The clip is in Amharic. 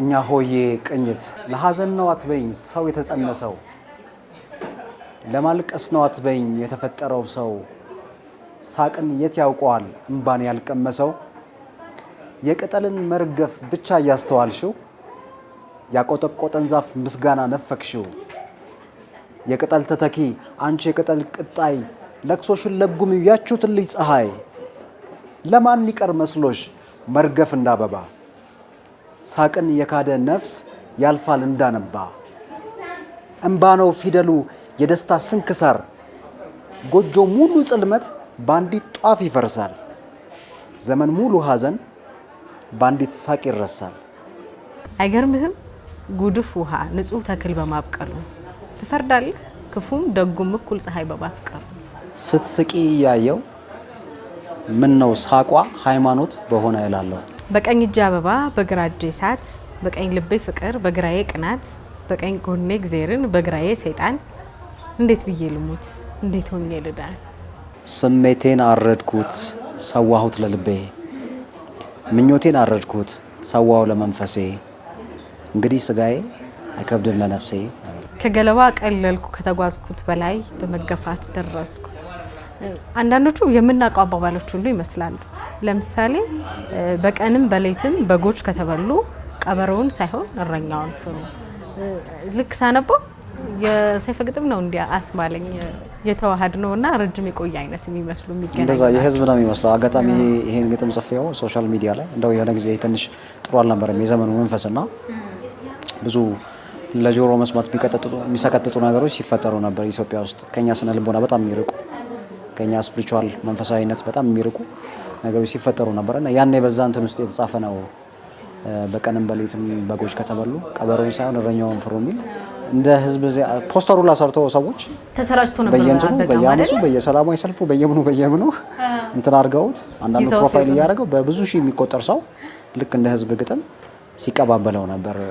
እኛ ሆዬ ቅኝት ለሐዘን ነው አትበኝ ሰው የተጸነሰው ለማልቀስ ነው አትበኝ የተፈጠረው ሰው ሳቅን የት ያውቀዋል እምባን ያልቀመሰው የቅጠልን መርገፍ ብቻ እያስተዋልሽው ያቆጠቆጠን ዛፍ ምስጋና ነፈክሽው? የቅጠል ተተኪ አንቺ የቅጠል ቅጣይ ለቅሶሽን ለጉም ያችሁትን ልጅ ፀሐይ ለማን ይቀር መስሎሽ መርገፍ እንዳበባ ሳቅን የካደ ነፍስ ያልፋል እንዳነባ እምባ ነው ፊደሉ የደስታ ስንክሳር ጎጆ ሙሉ ጽልመት በአንዲት ጧፍ ይፈርሳል። ዘመን ሙሉ ሀዘን በአንዲት ሳቅ ይረሳል። አይገርምህም ጉድፍ ውሃ ንጹህ ተክል በማብቀሉ ትፈርዳለህ ክፉም ደጉም እኩል ፀሐይ በማፍቀሩ ስትስቂ እያየው ምን ነው ሳቋ ሃይማኖት በሆነ እላለሁ። በቀኝ እጅ አበባ በግራ እጅ እሳት፣ በቀኝ ልቤ ፍቅር በግራዬ ቅናት፣ በቀኝ ጎኔ እግዜርን በግራዬ ሰይጣን፣ እንዴት ብዬ ልሙት እንዴት ሆኜ ልዳን? ስሜቴን አረድኩት ሰዋሁት ለልቤ፣ ምኞቴን አረድኩት ሰዋው ለመንፈሴ፣ እንግዲህ ስጋዬ አይከብድም ለነፍሴ። ከገለባ ቀለልኩ ከተጓዝኩት በላይ በመገፋት ደረስኩ። አንዳንዶቹ የምናውቀው አባባሎች ሁሉ ይመስላሉ። ለምሳሌ በቀንም በሌትም በጎች ከተበሉ ቀበሮውን ሳይሆን እረኛውን ፍሩ። ልክ ሳነበው የሰይፈ ግጥም ነው እንዲያ አስማለኝ የተዋሃድ ነው እና ረጅም የቆየ አይነት የሚመስሉ እንደዛ የህዝብ ነው የሚመስለው። አጋጣሚ ይሄን ግጥም ጽፌው ሶሻል ሚዲያ ላይ እንደው የሆነ ጊዜ ትንሽ ጥሩ አልነበረም የዘመኑ መንፈስና ብዙ ለጆሮ መስማት የሚሰቀጥጡ ነገሮች ሲፈጠሩ ነበር ኢትዮጵያ ውስጥ ከኛ ስነ ልቦና በጣም የሚርቁ ከኛ ስፕሪቹዋል መንፈሳዊነት በጣም የሚርቁ ነገሮች ሲፈጠሩ እና ያኔ በዛ እንትን ውስጥ የተጻፈ ነው። በቀንም በሌትም በጎች ከተበሉ ቀበሮን ሳይሆን እረኛውን ፍሩ የሚል እንደ ህዝብ ፖስተሩ ላሰርተው ሰዎች በየእንትኑ በየአመፁ በየሰላማዊ ሰልፉ በየምኑ በየምኑ እንትን አድርገውት አንዳንዱ ፕሮፋይል እያደረገው በብዙ ሺህ የሚቆጠር ሰው ልክ እንደ ህዝብ ግጥም ሲቀባበለው ነበር።